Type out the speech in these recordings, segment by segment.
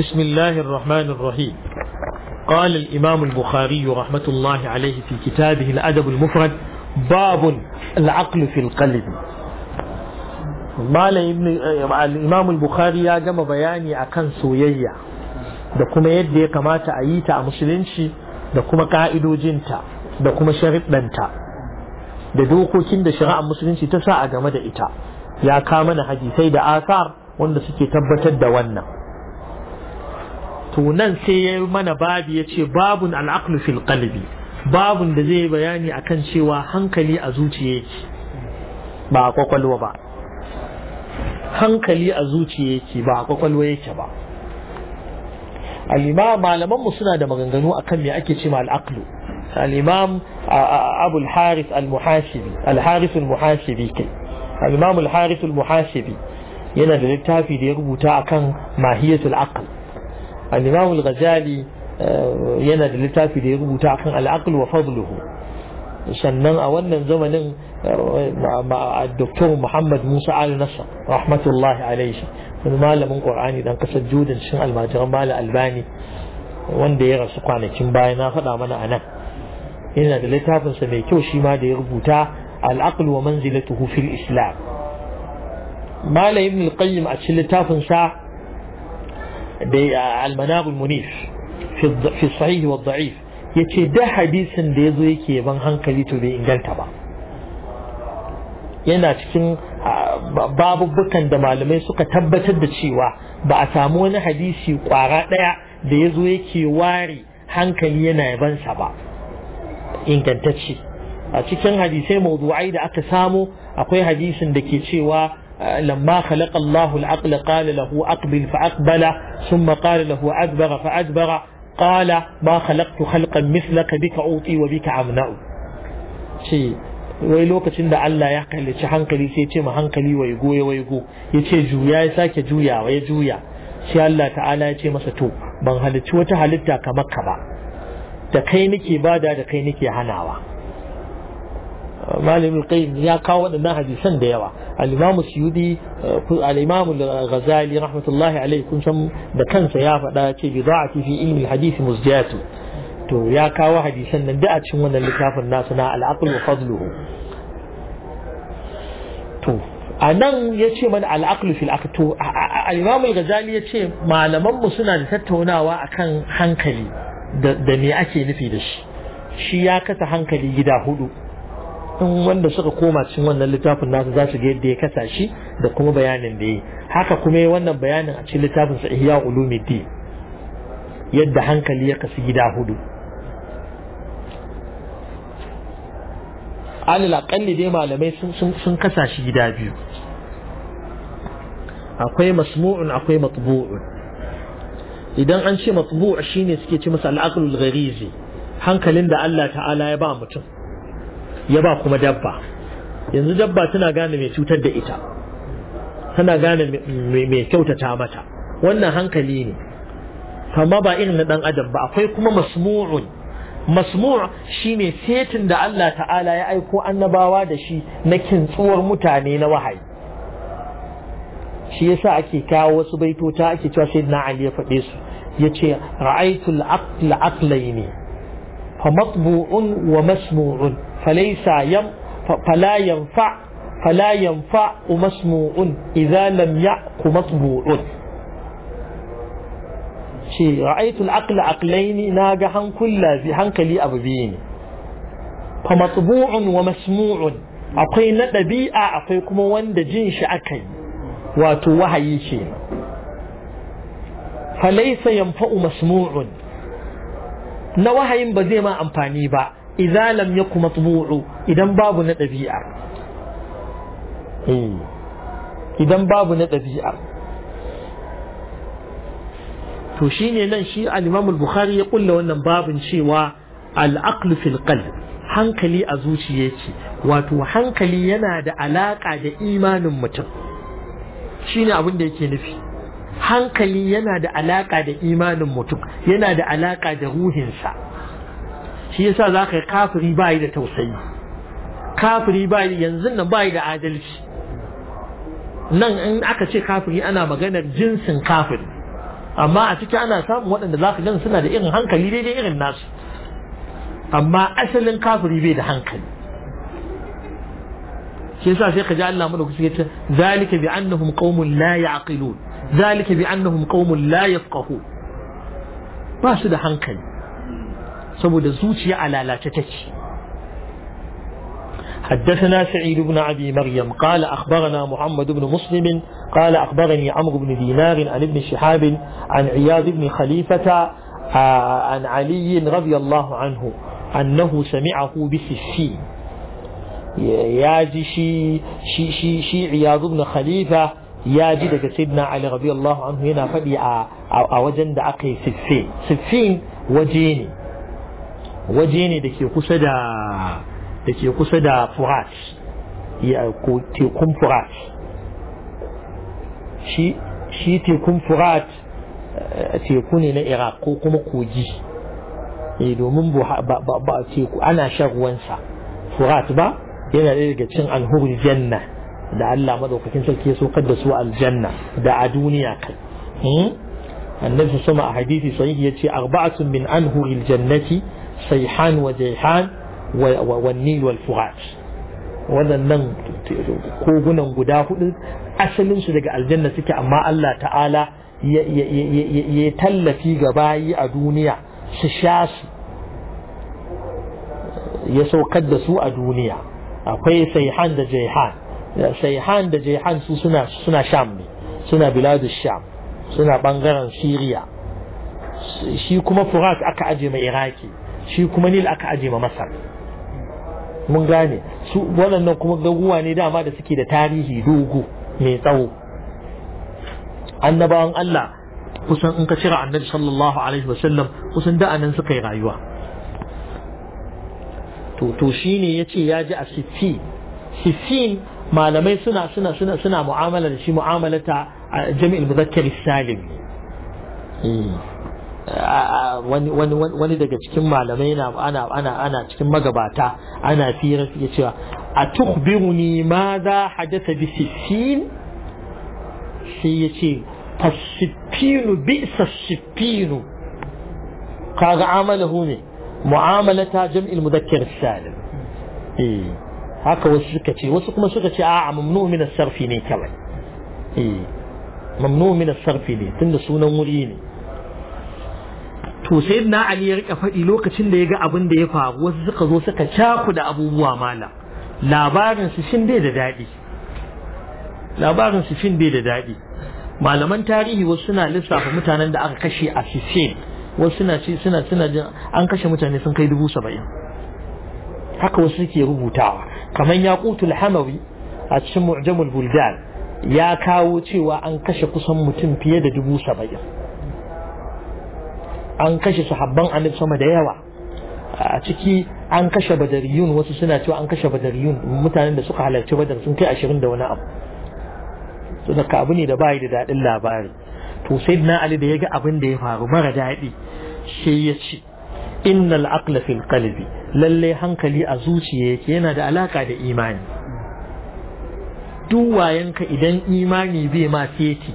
بسم الله الرحمن الرحيم قال الإمام البخاري رحمة الله عليه في كتابه الأدب المفرد باب العقل في القلب malam ibn al-imam al-bukhari ya gama bayani akan soyayya da kuma yadda ya kamata a yi ta a musulunci da kuma ka'idojinta da kuma shariɗanta da dokokin da shari'ar musulunci ta sa a game da ita ya kama na hadisai da asar wanda suke tabbatar da wannan Tunan sai ya yi mana babi ya ce babun al'aqlu fil qalbi babun da zai bayani akan cewa hankali a zuciya yake ba a kwakwalwa ba hankali a zuciya yake ba a kwakwalwa yake ba al-imam malaman mu suna da maganganu akan me ake cewa al alimam al-imam abu al-harith al-muhasibi al-harith al kai al-imam al-harith al-muhasibi yana da littafi da ya rubuta akan mahiyatul aql al-imam al eh, yana da littafi da ya rubuta akan al wa sannan a wannan zamanin eh, Dr. Muhammad Musa Al Nasr rahmatullahi alaihi wani malamin Qur'ani dan kasar Jordan shin almajiran Malam Albani wanda ya rasu kwanakin baya na faɗa mana a nan yana da littafinsa mai kyau shi ma da ya rubuta al wa manzilatuhu fil islam Malam Ibn a cikin littafinsa almanabul munif fi sahihi wa da'if ya ce da hadisin da ya zo yake ban hankali to bai inganta ba yana cikin babubukan da malamai suka tabbatar da cewa ba a samu wani hadisi ƙwara ɗaya da ya zo yake ware hankali yana bansa ba Ingantacci a cikin hadisai mawdu'ai da aka samu akwai hadisin da ke cewa لما خلق الله العقل قال له أقبل فأقبل ثم قال له أدبر فأدبر قال ما خلقت خلقا مثلك بك أوطي وبك أمنع شيء wai lokacin da Allah ya kallaci hankali sai ce ma hankali wai goye wai go ya ce juya ya sake juya ya juya shi Allah ta'ala ya ce masa to ban halicci wata halitta kamar ka ba da kai nake bada da kai nake hanawa Malam al ya kawo waɗannan hadisan da yawa al-imam suyudi uh, al-imam ghazali rahmatullahi alayhi kun san da kansa ya faɗa ce bid'ati fi ilmi al-hadith musjatu to ya kawo hadisan nan da a cikin wannan littafin nasu na al-aql wa fadluhu to ya ce mana al-aql fil aql to al-imam al-ghazali yace malaman mu suna da tattaunawa akan hankali da me ake nufi da shi shi ya kasa hankali gida hudu in wanda suka koma cikin wannan littafin nasu za su ga yadda ya kasa shi da kuma bayanin da yi haka kuma wannan bayanin a cikin littafin sa ihya ulumuddin yadda hankali ya kasu gida hudu alal aqalli dai malamai sun sun kasa shi gida biyu akwai masmu'un akwai matbu'un idan an ce matbu'a shine suke ce masa al-aqlul gharizi hankalin da Allah ta'ala ya ba mutum ya ba kuma dabba yanzu dabba tana gane mai cutar da ita tana gane mai kyautata mata wannan hankali ne amma ba irin na dan adam ba akwai kuma masmu'un masmu' shine setin da Allah ta'ala ya aiko annabawa da shi na kintsuwar mutane na wahayi shi yasa ake kawo wasu baitota ake cewa sayyidina Ali ya faɗe su yace ra'aytul aqla aqlaini fa matbu'un wa masmu'un falaisa yam fala yanfa fala yanfa masmu'un idza lam yaqu matbu'un ce ra'aytu al-aqla aqlaini naga hankula bi hankali abu biyu ne fa matbu'un wa masmu'un akwai na ɗabi'a akwai kuma wanda jin shi akai wato wahayi ce falaisa yanfa'u masmu'un na wahayin ba zai ma amfani ba idza lam yaku matbu'u idan babu na ɗabi'a idan babu na ɗabi'a to shine nan shi al-Imam bukhari ya kulla wannan babin cewa al-aqlu fil qalb hankali a zuciya yake wato hankali yana da alaka da imanin mutum shine abin da yake nufi hankali yana da alaƙa da imanin mutum yana da alaƙa da ruhinsa shi yasa za ka yi kafiri bayi da tausayi kafiri bayi yanzu nan bayi da adalci nan in aka ce kafiri ana maganar jinsin kafiri amma a ciki ana samun waɗanda za ka gan suna da irin hankali daidai irin nasu amma asalin kafiri bai da hankali shi yasa sai ka ji Allah mana kusa yace zalika bi annahum qaumun la yaqilun zalika bi annahum qaumun la ba su da hankali saboda zuciya a lalace take حدثنا سعيد بن أبي مريم قال أخبرنا محمد بن مسلم قال أخبرني عمرو بن دينار عن ابن شهاب عن عياض بن خليفة عن علي رضي الله عنه أنه سمعه بسفين يا شي شي شي شي عياض بن خليفة ya ji daga sidna Ali radiyallahu anhu yana faɗi a wajen da aka yi waje ne da ke kusa da da ke kusa da furat ya tekun furat shi shi tekun furat teku ne na iraq ko kuma kogi eh domin ba ba teku ana shan ruwansa furat ba yana da daga cin alhurul janna da Allah madaukakin sarki ya saukar da su aljanna da a duniya kai annabi sama a hadisi sahihi yace arba'atun min anhuril jannati saihan wa jaihan wa nil waɗannan kogunan guda hudu asalinsu daga aljanna suke amma Allah ta'ala ya tallafi ga bayi a duniya su sha su ya saukar da su a duniya akwai saihan da jaihan saihan da jaihan su suna sham ne suna biladu sham suna bangaren siriya shi kuma furat aka aje mai iraki shi kuma nil aka aje ma masar mun gane su waɗannan kuma gaguwa ne dama da suke da tarihi dogo mai tsawo annabawan Allah kusan in ka cira annabi sallallahu alaihi wasallam kusan da anan suka yi rayuwa to to shine yace ya ji a sitti sittin malamai suna suna suna suna mu'amala da shi mu'amalata jami'il muzakkar salim hmm. wani daga cikin malamai na ana ana ana cikin magabata ana fira ya ce a tukhbiruni ma za hadasa bi sifin sai ya ce fasifinu bi sifinu kaga amalahu ne mu'amalata jam'il mudakkar salim eh haka wasu suka ce wasu kuma suka ce a'a mamnu min as-sarfi ne kawai eh mamnu min as-sarfi ne tunda sunan wuri ne to na ali ya rika faɗi lokacin da ya ga abin da ya faru wasu suka zo suka caku da abubuwa mala labarin su shin bai da daɗi labarin su shin bai da daɗi malaman tarihi wasu suna lissafa mutanen da aka kashe a sisin. wasu suna ce suna suna jin an kashe mutane sun kai dubu saba'in haka wasu suke rubutawa kamar yaqutul hamawi a cikin mu'jamul buldan ya kawo cewa an kashe kusan mutum fiye da dubu saba'in an kashe sahabban annabi sama da yawa a ciki an kashe badariyun wasu suna cewa an kashe badariyun mutanen da suka halarci badar sun kai ashirin da wani abu to da abu ne da bayi da daɗin labari to sai na ali da ya ga abin da ya faru mara daɗi shi ya ce innal aqla fil qalbi lalle hankali a zuciya yake yana da alaka da imani duk wayanka idan imani bai ma feti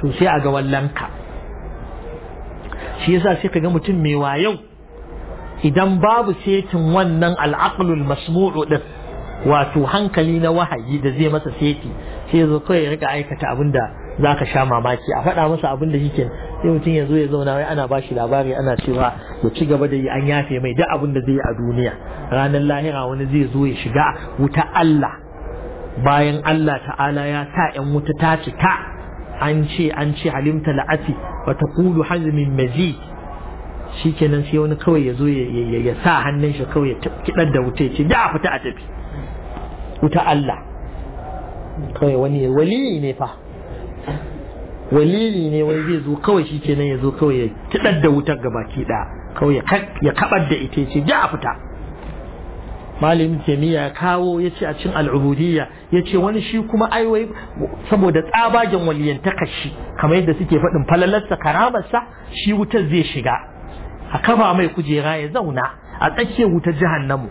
to sai a ga wallanka shi yasa sai ka ga mutum mai wayau idan babu setin wannan al'aqlul masmu'u din wato hankali na wahayi da zai masa seti sai zo kawai ya rika aikata abin da za sha mamaki a faɗa masa abin da sai mutum ya zo ya zauna wai ana bashi labari ana cewa ya ci gaba da yi an yafe mai duk abin da zai yi a duniya ranar lahira wani zai zo ya shiga wuta Allah bayan Allah ta'ala ya sa 'yan wuta ta cika an ce an ce halimta la'ati wa kulu hazmin shi shikenan sai wani kawai ya zo ya sa hannun shi kawai ya kidar da wuta ya ce da fita a tafi wuta Allah kawai wani wali ne fa walili ne wani zai zo kawai shikenan ya zo kawai ya kidar da wutar baki daya kawai ya kabar da ita ya ce da fita malamin taimiyya kawo ya ce a cikin al'ubudiyya ya ce wani shi kuma aiwai saboda tsabagen waliyan takashi kamar yadda suke faɗin falalarsa karamarsa shi wutar zai shiga a kafa mai kujera ya zauna a tsakiyar wutar jahannamu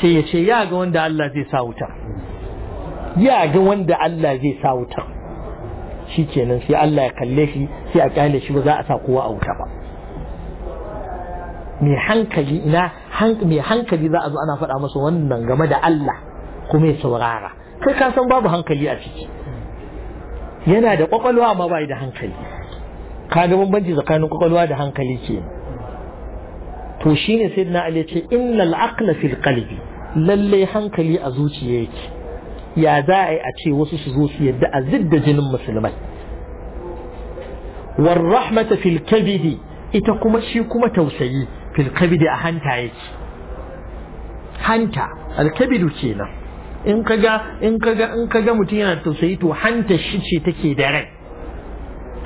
sai ya ce ya ga wanda Allah zai sa wutar ya ga wanda Allah zai sa wutar shi kenan sai Allah ya kalle shi sai a kyale shi ba za a sa kowa a wuta ba mai hankali ina mai hankali za a zo ana faɗa masa wannan game da Allah kuma ya saurara kai ka san babu hankali a ciki yana da kwakwalwa amma bai da hankali kaga bambanci tsakanin kwakwalwa da hankali ke to shine sayyidina Ali ya ce innal aqla fil qalbi lalle hankali a zuciya yake ya za a yi a ce wasu su zo su yadda a zidda jinin musulmai war rahmata fil kabidi ita kuma shi kuma tausayi في الكبد أهانتا يجي هانتا الكبد وشينا إنك جا إنك جا إنك جا متينا تسيتو هانتا شيء تكي دارك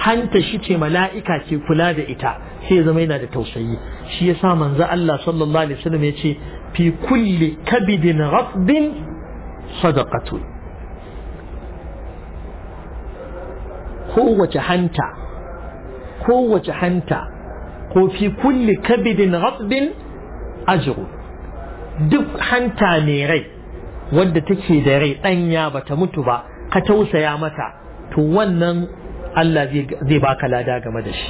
هانتا شيء ملائكة شيء فلاد إتا شيء زمينا تسيي شيء سامن ذا الله صلى الله عليه وسلم يجي في كل كبد غصب صدقة كوة هانتا كوة هانتا وفي كل كبد غضب أجر دب حنتا ميري ود تكي داري أنيا بتمتبا قتو سيامتا تونن الله ذي باك لا داق مدش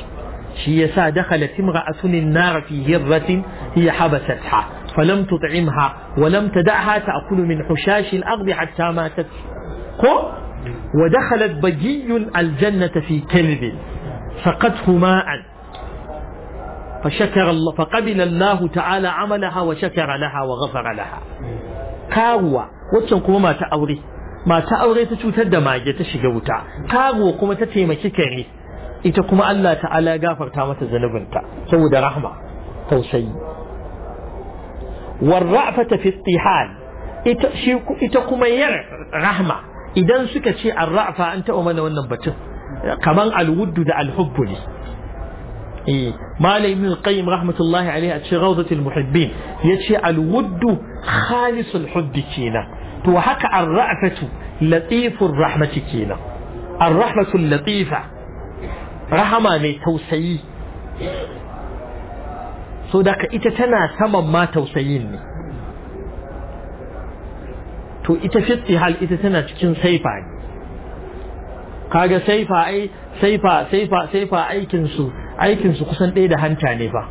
شيسا دخلت امرأة النار في هرة هي حبستها فلم تطعمها ولم تدعها تأكل من حشاش الأرض حتى ماتت كو ودخلت بجي الجنة في كلب سقته ماء فشكر الله فقبل الله تعالى عملها وشكر لها وغفر لها karuwa waccan kuma mata aure mata aure ta cutar da mage ta shiga wuta karuwa kuma ta taimaki kare ita kuma Allah ta'ala ya gafarta mata zanubinta saboda rahma tausayi warra'fata fi istihal ita shi ita kuma yar rahma idan suka ce arrafa an taɓa mana wannan batun kaman alwuddu da alhubbu ne eh malai ibn qayyim rahmatullahi alaihi a cikin rawzatul muhibbin yace alwuddu khalisul hubbi kina to haka arra'atu latifur rahmati kina arrahmatul latifa rahama mai tausayi so daga ita tana saman ma tausayin ne to ita hal ita tana cikin saifa ne kaga saifa ai saifa saifa saifa aikin su aikin su kusan ɗaya da hanta ne ba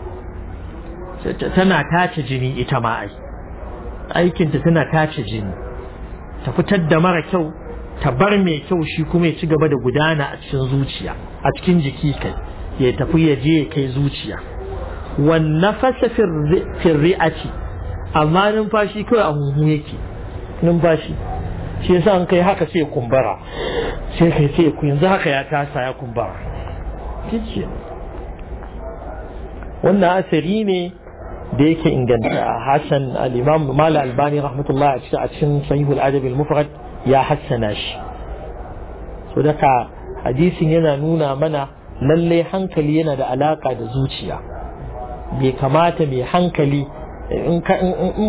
tana tace jini ita ma ai aikin ta tana tace jini ta fitar da mara kyau ta bar mai kyau shi kuma ya ci gaba da gudana a cikin zuciya a cikin jiki kai ya tafi ya je ya kai zuciya wan nafasa fi ri'ati amma numfashi kawai a huhu yake numfashi shi yasa an kai haka sai kumbara sai kai sai yanzu haka ya tasa ya kumbara kici wannan asiri ne da yake inganta a Hassan al-imam mala albani rahmatullah a cikin a cikin sahihul adab al-mufrad ya hassana shi so daga hadisin yana nuna mana lalle hankali yana da alaka da zuciya bai kamata mai hankali in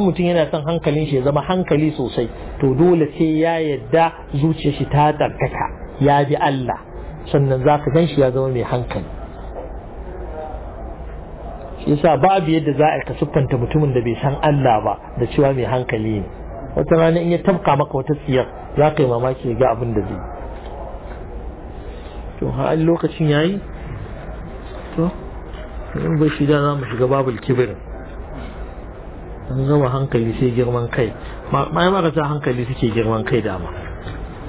mutum yana son hankalin shi ya zama hankali sosai to dole sai ya yadda zuciya shi ta tsarkaka ya bi Allah sannan za ka gan shi ya zama mai hankali yasa babu yadda za a kasuffanta mutumin da bai san Allah ba da cewa mai hankali ne wata rana in ya tabka maka wata siyar za ka yi mamaki ga abin da zai to har lokacin yayi to in bai shi da za mu shiga babul kibirin an gama hankali sai girman kai ma marasa hankali suke girman kai dama